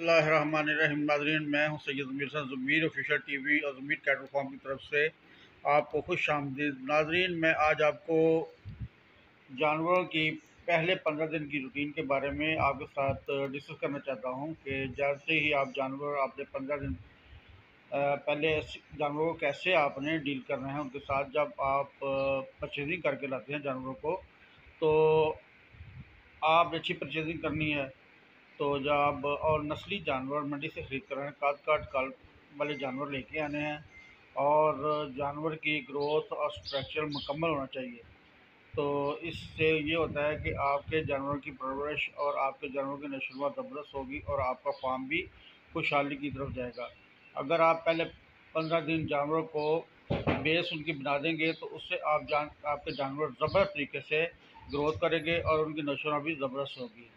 रहीम नाजरीन मैं हूं Syed Mirsan Zameer official T V और ज़मीर कैटल फॉर्म की तरफ से आपको खुश आमदीद नाजरीन मैं आज आपको जानवरों की पहले पंद्रह दिन की रूटीन के बारे में आपके साथ डिस्कस करना चाहता हूं कि जैसे ही आप जानवर आपने पंद्रह दिन पहले जानवरों को कैसे आपने डील करना है उनके साथ जब आप परचेजिंग करके लाते हैं जानवरों को तो आपने अच्छी परचेजिंग करनी है तो जब और नस्ली जानवर मंडी से ख़रीद कर काट काट काल वाले जानवर लेके आने हैं और जानवर की ग्रोथ और स्ट्रक्चर मुकम्मल होना चाहिए तो इससे ये होता है कि आपके जानवरों की परवरिश और आपके जानवरों की नशोनुमा ज़बरदस्त होगी और आपका फार्म भी खुशहाली की तरफ जाएगा अगर आप पहले पंद्रह दिन जानवरों को बेस उनकी बना देंगे तो उससे आप जान आपके जानवर ज़बरदस्त तरीके से ग्रोथ करेंगे और उनकी नशोनुमा भी ज़बरदस्त होगी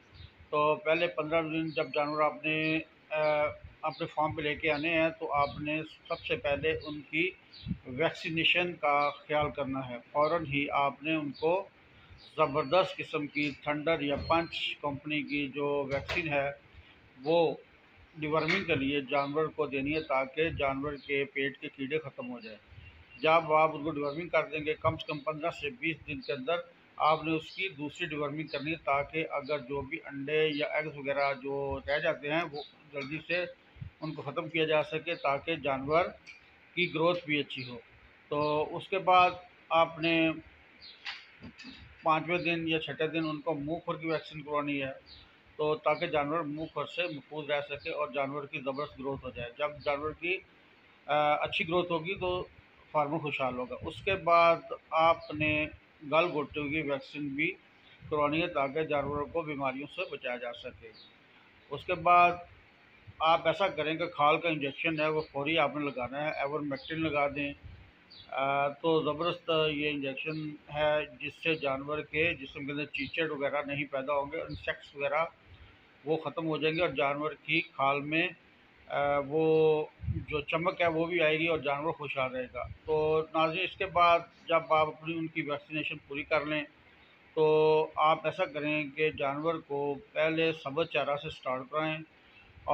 तो पहले पंद्रह दिन जब जानवर आपने अपने फार्म पे लेके आने हैं तो आपने सबसे पहले उनकी वैक्सीनेशन का ख्याल करना है फ़ौर ही आपने उनको ज़बरदस्त किस्म की थंडर या पंच कंपनी की जो वैक्सीन है वो डिवर्मिंग के लिए जानवर को देनी है ताकि जानवर के पेट के कीड़े ख़त्म हो जाए जब आप उनको डिवर्मिंग कर देंगे कम से कम पंद्रह से बीस दिन के अंदर आपने उसकी दूसरी डिवर्मिंग करनी है ताकि अगर जो भी अंडे या एग्स वगैरह जो रह जाते हैं वो जल्दी से उनको ख़त्म किया जा सके ताकि जानवर की ग्रोथ भी अच्छी हो तो उसके बाद आपने पाँचवें दिन या छठे दिन उनको मुँह खुर की वैक्सीन करवानी है तो ताकि जानवर मुँह खुर से महफूज रह सके और जानवर की ज़बरदस्त ग्रोथ हो जाए जब जानवर की अच्छी ग्रोथ होगी तो फार्मर खुशहाल होगा उसके बाद आपने गल घुट्टू की वैक्सीन भी करवानी है ताकि जानवरों को बीमारियों से बचाया जा सके उसके बाद आप ऐसा करें कि खाल का इंजेक्शन है वो फौरी आपने लगाना है एवर मैक्टिन लगा दें आ, तो ज़बरदस्त ये इंजेक्शन है जिससे जानवर के जिसम के अंदर चीचड़ वगैरह नहीं पैदा होंगे इंसेक्ट्स वगैरह वो ख़त्म हो जाएंगे और जानवर की खाल में वो जो चमक है वो भी आएगी और जानवर खुशहाल रहेगा तो नाजी इसके बाद जब आप अपनी उनकी वैक्सीनेशन पूरी कर लें तो आप ऐसा करें कि जानवर को पहले सबज चारा से स्टार्ट कराएं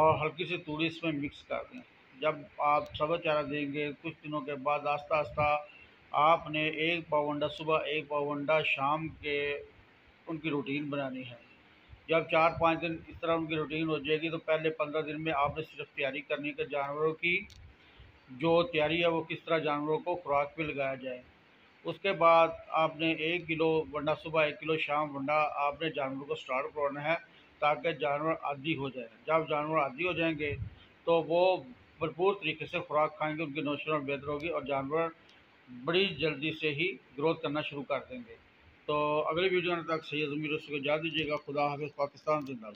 और हल्की सी तूड़ी इसमें मिक्स कर दें जब आप सबज चारा देंगे कुछ दिनों के बाद आस्ता आस्ता आपने एक अंडा सुबह एक अंडा शाम के उनकी रूटीन बनानी है जब चार पाँच दिन इस तरह उनकी रूटीन हो जाएगी तो पहले पंद्रह दिन में आपने सिर्फ तैयारी करनी है जानवरों की जो तैयारी है वो किस तरह जानवरों को खुराक पर लगाया जाए उसके बाद आपने एक किलो वंडा सुबह एक किलो शाम वंडा आपने जानवरों को स्टार्ट करवाना है ताकि जानवर आदि हो जाए जब जानवर आदि हो जाएंगे तो वो भरपूर तरीके से खुराक खाएंगे उनकी नौशरण बेहतर होगी और जानवर बड़ी जल्दी से ही ग्रोथ करना शुरू कर देंगे तो अगले वीडियो तक सैयद जमीर को जा दीजिएगा खुदा हाफिज़ पाकिस्तान जिंदाबाद